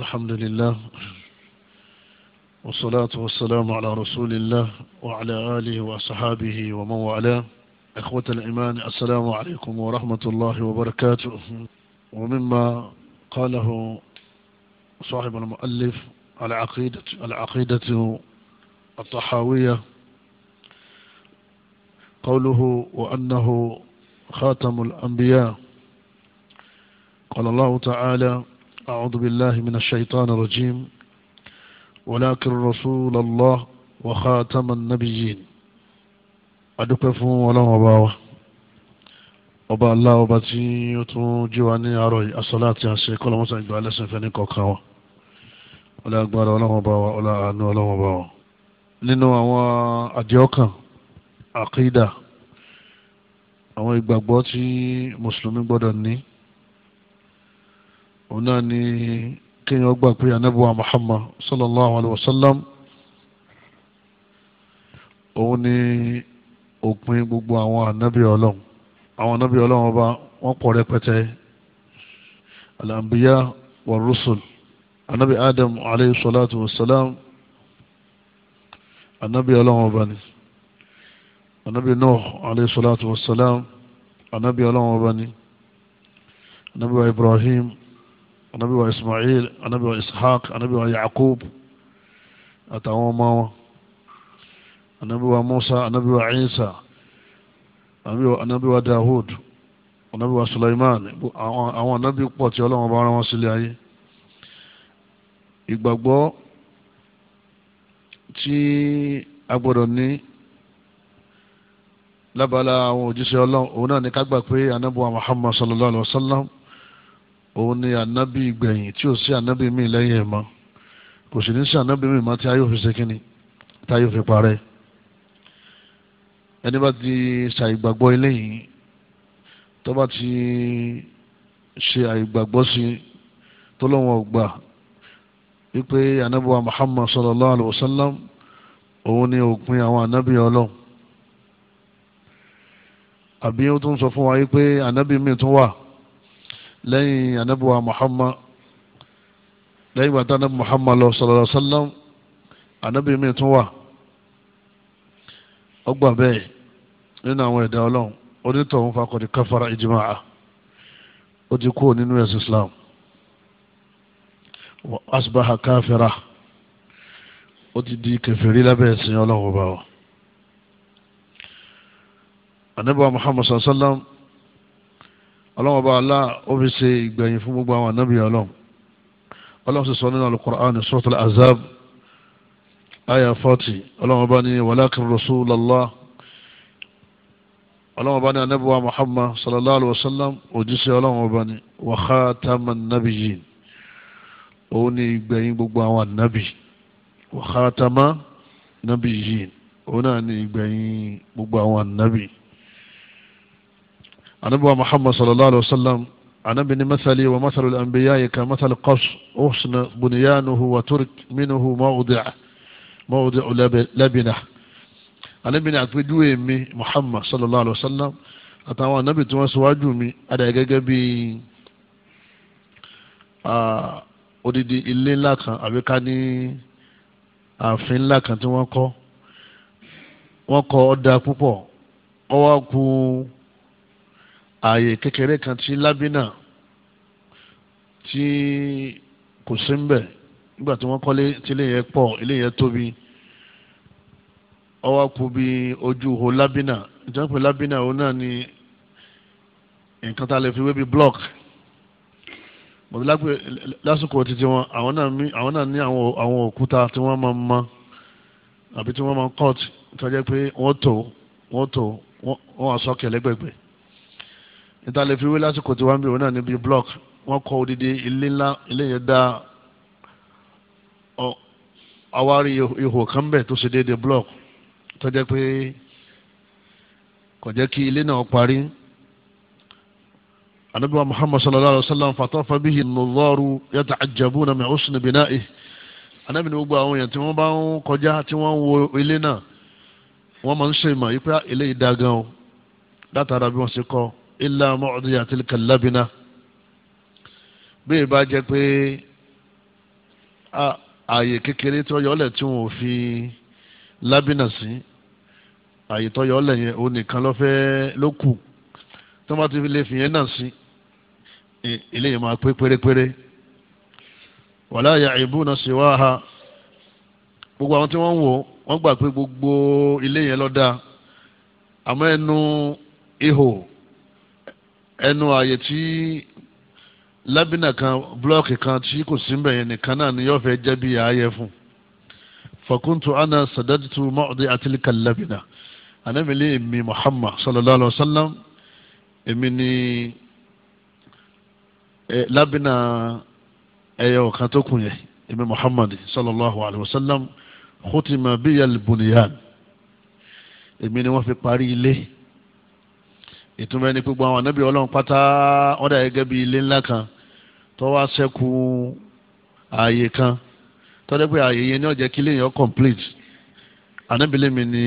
الحمد لله والصلاة والسلام على رسول الله وعلى آله وصحابه ومن والاه إخوة الإيمان السلام عليكم ورحمة الله وبركاته ومما قاله صاحب المؤلف العقيدة العقيدة الطحاوية قوله وأنه خاتم الأنبياء قال الله تعالى أعوذ بالله من الشيطان الرجيم ولكن رسول الله وخاتم النبيين adúpẹ́ fún ọlọ́run ọba wa ọba Allah ọba tí ó tún jí wa ní àárọ̀ yìí asọ́lá àti àṣẹ kọ́lọ́mọ́sá ìgbà alẹ́sìn fẹ́ ní kọ̀ọ̀kan wa ọlá agbára ọlọ́run ọba wa ọlá àánú ọlọ́run ọba wa nínú àwọn àdìọ́kàn àkídà àwọn ìgbàgbọ́ tí mùsùlùmí gbọ́dọ̀ ní òun náà ni kéèyàn gbà pé anábùwà Muhammad sallallahu alayhi wa sallam òun ni òpin gbogbo àwọn anábì ọlọ́run àwọn anábì ọlọ́run ọba wọ́n pọ̀ rẹpẹtẹ al-anbiya wa rusul anábì Adam alayhi salatu wa salam anábì ọlọ́run ọba ni anabi nuh alayhi salatu wa salam anabi ọlọ́run ọba ni anabi ibrahim anabi wa ismail anabi wa ishaq anabi wa yaqub àtàwọn ọmọ wọn anabi wa musa anabi wa isa anabi wa dahud anabi wa sulaiman àwọn anabi pọ̀ tí ọlọ́run bá rán wọn sílé ayé ìgbàgbọ́ tí a gbọ́dọ̀ ní lábala àwọn òjíṣẹ́ ọlọ́run òun náà ní ká gbà pé anabi muhammad sallallahu alaihi wa sallam òun ni ànábì gbẹ̀yìn tí ò sí ànábì míì lẹ́yìn ẹ̀ mọ́ kò sì ní sí ànábì míì mọ́ tí ayé òfin ṣe kínní tí ayé òfin parẹ́ ẹni bá ti ṣàìgbàgbọ́ eléyìí tó bá ti ṣe àìgbàgbọ́ sí tó lọ́wọ́ gbà wípé ànábì wa Muhammad sallallahu alayhi wa sallam òun ni òpin àwọn ànábì ọlọ́run àbí ó tún sọ fún wa wípé ànábì míì tún wà lẹ́yìn anabuwa muhammad lẹ́yìn bàtà anabu muhammad lọ sallallahu alaihi wasallam anabi mi tún wà ọgbà bẹ́ẹ̀ nínú àwọn ẹ̀dá ọlọ́run onítọ̀hún fakọ̀dé káfara ìjìmáà ó ti kúrò nínú ẹ̀sìn islam wa asbaha káfíra ó ti di kẹfìrí lábẹ́ ẹ̀sìn ọlọ́run ọba wa anabuwa muhammad sallallahu alaihi ọlọ́wọ́n bá Allah ó fi ṣe ìgbẹ̀yìn fún gbogbo àwọn anábìyà ọlọ́run ọlọ́run sì sọ nínú al-Qur'an suratul azab aya forty ọlọ́wọ́n bá ní walakin rasulallah ọlọ́wọ́n bá ní anábìyà muhammad sallallahu alayhi wa sallam òjíṣẹ́ ọlọ́wọ́n bá ní wa khataman nabiyyin òun ni ìgbẹ̀yìn gbogbo àwọn anábì wa khataman nabiyyin òun náà ni ìgbẹ̀yìn gbogbo àwọn anábì anabiwa muhammad sallallahu alaihi wasallam anabi ni masali wa masalu anbiya ka masali qas usna bunyanuhu wa turk minuhu mawdi'a mawdi'u labina anabi ni àpèjúwe mi muhammad sallallahu alaihi wasallam àtàwọn anabi tí wọ́n ṣíwájú mi adà gẹ́gẹ́ bí odidi ilé ńlá kan àbí ká ní ààfin ńlá kan tí wọ́n kọ́ wọ́n kọ́ ọdà púpọ̀ ọwọ́ kù ààyè kékeré kan tí lábínà tí kò sí ń bẹ̀ nígbà tí wọ́n kọ́lé tí ilé yẹn pọ̀ ilé yẹn tóbi ọwọ́ kú bí ojú ho lábínà ìjọba lábínà òun náà ni nǹkan tá a lè fi wé bí block bọ̀dọ̀ lágbè lásìkò títí wọn àwọn náà ní àwọn òkúta tí wọ́n máa ń mọ àbí tí wọ́n máa ń cut tó jẹ́ pé wọ́n tò wọ́n tò wọ́n wà sọ́kẹ̀ lẹ́gbẹ̀gbẹ̀ níta lè fi wí lásìkò tí wọ́n ń bèrè náà níbi block wọ́n kọ́ odidi ilé ńlá ilé yẹn dá àwárí ihò kan bẹ̀ tó ṣe déédéé block tó jẹ́ pé kò jẹ́ kí ilé náà parí anabi wa muhammad sallallahu alaihi wa sallam fatafa bihi nuzaru yata'ajjabuna min husni bina'ihi anabi ni gbogbo àwọn èèyàn tí wọ́n bá ń kọjá tí wọ́n ń wo ilé náà wọ́n máa ń ṣe ìmọ̀ ilà mọ́ọ̀dì àti kàlábìnà bí ìbá jẹ́ pé ààyè kékeré tó yọ̀ọ́lẹ̀ tí wọ́n fi lábìnà sí ààyè tó yọ̀ọ́lẹ̀ yẹn òun nìkan lọ́fẹ́ ló kù tó bá ti fi lè fìyẹn náà sí e, eléyìí máa pé pérépéré wàlá ya ìbúna síwáha gbogbo àwọn tí wọ́n ń wò wọ́n gbà pé gbogbo ilé yẹn ló dáa àmọ́ ẹnu ihò ẹnu ààyè tí lábínà kan búlọ́ọ̀kì kan tí kò sí mbẹ̀ yẹn nìkan náà ni yóò fẹ́ jẹ́ bí ààyè fún fakuntu ana sadaditu mọ́ọ̀dé àtìlíkà lábínà anamílẹ̀ èmi muhammad sallallahu alayhi wa sallam èmi ni lábínà ẹ̀yọ̀ kan tó kù yẹn èmi muhammad sallallahu alayhi wa sallam khutima biyal bunyan èmi ni wọ́n fi parí ilé ìtumọ̀ ẹni pé gbogbo àwọn ànábì ọlọ́run pátá wọ́n dà gẹ́gẹ́ bí ilé ńlá kan tó wá ṣẹ́kù ààyè kan tó dẹ́ pé ààyè yẹn ní ó jẹ́ kí ilé yẹn complete ànábì lèmi ní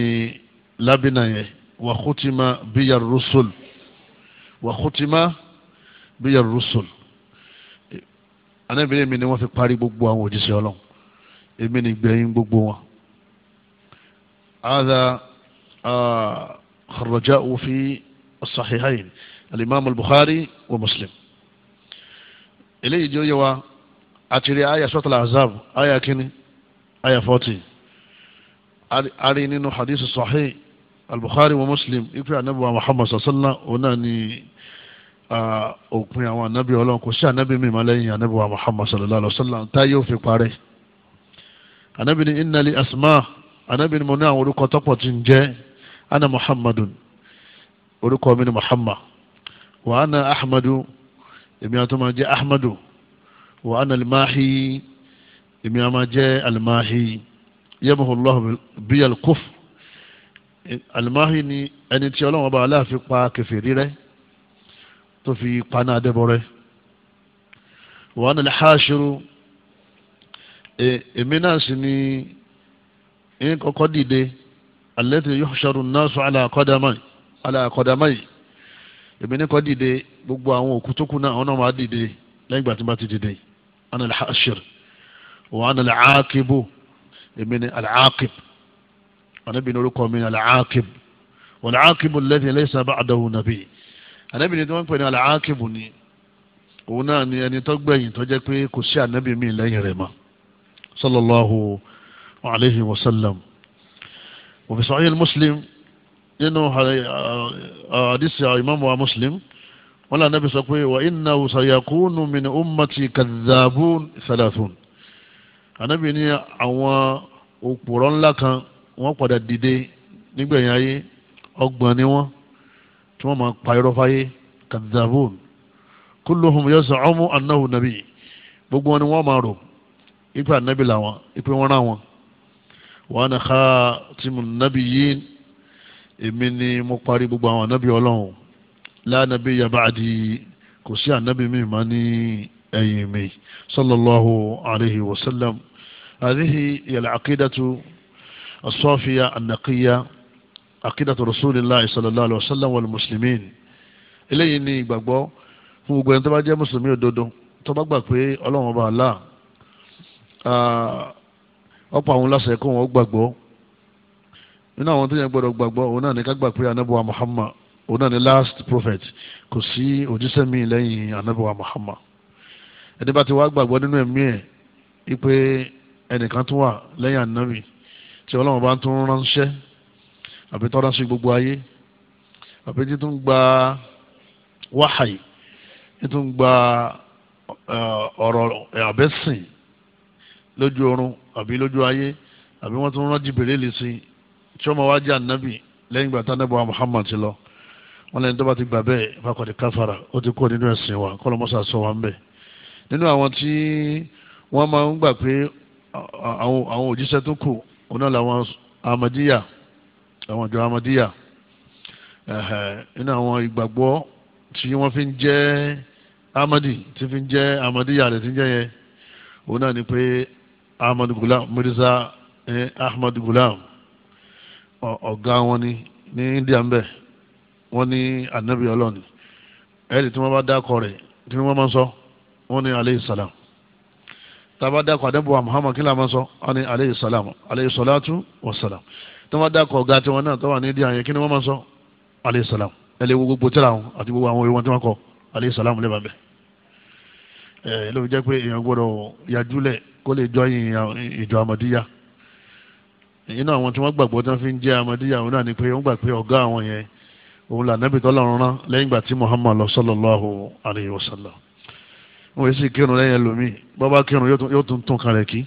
lábìnà yẹn wa khutima bíyà rúṣùl wa bíyà rúṣùl ànábì lèmi ní wọ́n fi parí gbogbo àwọn òjíṣẹ́ ọlọ́run èmi ní gbẹ̀yìn gbogbo wọn. هذا رجاء في الصحيحين الإمام البخاري ومسلم al-bukhari wa muslim eléyìí jẹ́ oyè wa àti rí aya suratul ahzab aya kínní aya forty a rí nínú hadith sahih al-bukhari wa muslim ife anabi wa muhammad sallallahu alaihi wa sallam ọ̀nà ni òpin àwọn anabi ọlọ́run kò sí anabi mi máa lẹ́yìn anabi wa muhammad sallallahu alaihi wa sallam táyé òfin parẹ́ anabi ni inna li asma anabi ni mo ní àwọn orúkọ tọ́pọ̀ tí ń jẹ́ ana muhammadun orúkọ mi ni Muhammad wa ana Ahmadu èmi àti ọmọ jẹ́ Ahmadu wa ana alimahi èmi àmà jẹ́ alimahi yamahu allah bi alkuf alimahi ni ẹni tí ọlọ́run ọba aláàfin pa kẹfìrí rẹ tó fi paná adébọrẹ wa ana alhashiru e, èmi náà sì ni ẹni kọ́kọ́ dìde alẹ́ tí yóò ṣàrùn náà sọ àlàkọ́dá mọ́ni alákọ̀dàmá yìí èmi ní kọ́ dìde gbogbo àwọn òkú tó kù náà àwọn náà máa dìde lẹ́yìn ìgbà tí wọ́n ti dìde ana al-hashir wa ana al-aqibu èmi ní al-aqib anabi ní orúkọ mi ní al-aqib wa al-aqibu alladhi laysa ba'dahu nabi anabi ní tí pè ní al-aqib ni òun náà ni ẹni tó gbẹ̀yìn tó jẹ́ pé kò sí ànábì mi lẹ́yìn rẹ̀ mọ́ sallallahu alayhi wa sallam òfin sahih muslim nínú àdísì ìmáàmù wa muslim wọ́n lànà bí sọ pé wà iná sayakunu min ummati kadhabun salasun ànábì ní àwọn òpùrọ̀ ńlá kan wọ́n padà dìde nígbẹ̀yìn ayé ọgbọ̀n ni wọ́n tí wọ́n máa pa irọ́ fáyé kadhabun kulluhum yaz'umu annahu nabi gbogbo wọn ni wọ́n máa rò ipe ànábì làwọn ipe wọ́n rán wọn wọn ni khatimun nabiyyin èmi ni mo parí gbogbo àwọn ànábì ọlọ́run lánàbí yabaadi kò sí ànábì mi má ní ẹ̀yìn mi sallallahu alayhi wa sallam àdéhì yàrá àkídàtú asọ́fìyà ànàkíyà àkídàtú rasulillah sallallahu alayhi wa sallam wal muslimin eléyìí ni ìgbàgbọ́ fún gbogbo ẹni tó bá jẹ́ mùsùlùmí òdodo tó bá gbà pé ọlọ́run ọba àlá ah, ọ̀pọ̀ àwọn láṣẹ kó wọn gbàgbọ́ nínú àwọn tó yẹn gbọ́dọ̀ gbàgbọ́ òun náà ní ká gbà pé anábọ̀wá Muhammad òun náà ní last prophet kò sí òjíṣẹ́ míì lẹ́yìn anábọ̀wá Muhammad ẹni bá ti wá gbàgbọ́ nínú ẹ̀mí ẹ̀ wípé ẹnìkan tún wà lẹ́yìn anábì tí ọlọ́run bá ń tún ránṣẹ́ àbí tọ́ ránṣẹ́ gbogbo ayé àbí títún gba wáhàyè títún gba ọ̀rọ̀ àbẹ́sìn lójú oorun àbí lójú ayé àbí wọ́n tún rán Jibril sí i tí wọ́n máa wá jẹ́ ànábì lẹ́yìn ìgbà tá nẹ́bọ̀ Muhammad ti lọ wọ́n lẹ́yìn tó bá ti gbà bẹ́ẹ̀ fakọ̀dé káfàrà ó ti kó nínú ẹ̀sìn wa kọ́ lọ́mọ́sà sọ wa ń bẹ̀ nínú àwọn tí wọ́n máa ń gbà pé àwọn òjíṣẹ́ tó kù òun náà làwọn Ahmadiyya àwọn ìjọ Ahmadiyya nínú àwọn ìgbàgbọ́ tí wọ́n fi ń jẹ́ Ahmadi tí fi ń jẹ́ Ahmadiyya rẹ̀ ti ń jẹ́ yẹn òun ni pé Ahmad Gulam Mirza eh, Ahmad Gulam ọ̀gá wọn ni ní India ń bẹ̀ wọ́n ní anabi ọlọ́ọ̀ni ẹ̀ẹ́dì tí wọ́n bá dákọ̀ rẹ̀ tí wọ́n máa ń sọ wọ́n ní aleyhi salam tàbá dákọ̀ àdẹ́bùwà Muhammad kí la máa ń sọ wọ́n ní aleyhi salam aleyhi salatu wa salam tí wọ́n dákọ̀ ọ̀gá tiwọn náà tó wà ní India yẹn kí ni wọ́n máa ń sọ aleyhi salam ẹ lè wo gbogbo tíra wọn àti gbogbo àwọn ìwọ̀n tí wọ́n kọ aleyhi salam lè bàbẹ̀ ẹ ló fi jẹ́ pé èèyàn gbọ́dọ̀ yajúlẹ̀ kó lè jọ èyí náà àwọn tí wọ́n gbàgbọ́ tí wọ́n fi ń jẹ́ amadíyà náà ni pé wọ́n gbà pé ọ̀gá àwọn yẹn òun là nẹ́bí tọ́lá rán lẹ́yìn ìgbà tí Muhammad lọ sallallahu alayhi wa sallam wọ́n yìí sì kírun lẹ́yìn ẹlòmíì bọ́bá kírun yóò tún tún kan rẹ̀ kí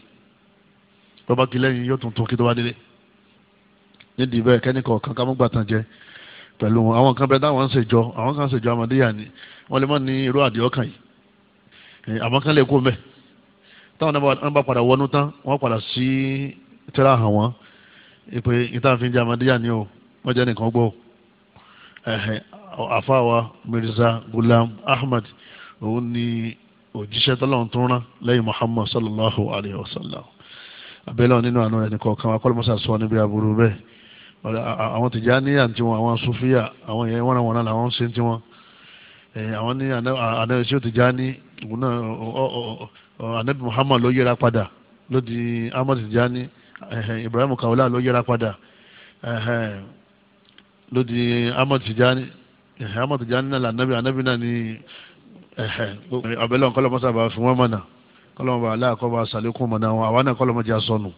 bọ́bá kí lẹ́yìn yóò tún tún kí tó bá délé nídìí bẹ́ẹ̀ kẹ́nìkan kan ká mú gbàtàn jẹ pẹ̀lú wọn àwọn kan bẹ táwọn ṣèjọ àwọn kan ṣèjọ amadíyà ni wọ́n lè má ní irú àdìọ́kàn yìí àmọ́ kan lè kó mẹ́ táwọn náà bá padà wọnú ìpè ìtàfin jẹ́ amadíyà ni o wọ́n jẹ́ nìkan gbọ́ afawa, Mirza Gulam Ahmad òun ni òjíṣẹ́ tọ́lọ́run tó rán lẹ́yìn Muhammad sallallahu alayhi wa sallam abẹ́lẹ́ wọn nínú àná ẹnì kọ̀ọ̀kan wa kọ́lọ́mọ́sá sọ níbi aburú bẹ́ẹ̀ àwọn Tìjàníyà ní tiwọn àwọn Sufiya àwọn yẹn wọ́n wọn náà làwọn ń ṣe ń tiwọn àwọn ní ànábì tí ó Tìjàní òun náà ànábì Muhammad ló yẹra padà ló di Ahmad Tìjàní. Ibrahim Kaola ló yẹra padà ló di Ahmad Tijani Ahmad Tijani náà lànàbí ànàbí náà ní abẹ́lẹ́ ọ̀kọ́lọ́ mọ́sá bá fi wọ́n mọ̀nà kọ́lọ́mọ bá aláàkọ́ bá sàlékún mọ̀nà àwọn àwọn náà kọ́lọ́mọ jẹ́ asọ́nù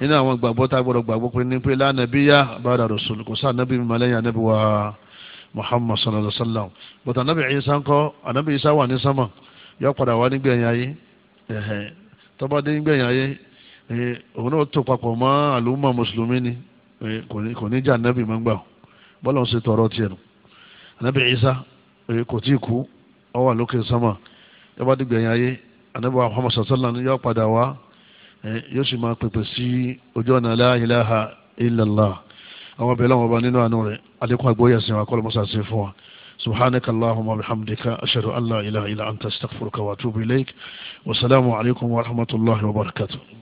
nínú àwọn gbàgbọ́ tá a gbọ́dọ̀ gbàgbọ́ pé ní pé lánàbí yá bá dàrọ̀ sọ̀rọ̀ kò sáà nàbí mímọ́ lẹ́yìn ànàbí wa Muhammad sallallahu alaihi wa sallam bọ́tà ànàbí Isa ńkọ́ ànàbí Isa wà ní sánmà yọ padà wá nígbẹ̀yìn ayé tọ́ba dé nígbẹ̀yìn ayé òun náà tó papọ̀ mọ́ àlùmọ́ mùsùlùmí ni kò ní jà nábì máa ń gbà bọ́lá ń ṣe tọrọ tiẹ̀ nù ànábì Ìsá kò tí ì kú ó wà lókè sámà yóò bá dìgbẹ̀yìn ayé ànábì Muhammad sàtọ́lá ni yóò padà wá yóò sì máa pèpè sí ojú ọ̀nà la ilaha illallah àwọn bẹ̀rẹ̀ àwọn ọba nínú àánú rẹ̀ àlékún àgbóyè ẹ̀sìn wa kọ́lọ́ mọ́sá fún wa subhanaka allahumma bihamdika ashhadu an la ilaha illa anta astaghfiruka wa atubu ilaik wa salaamu alaykum wa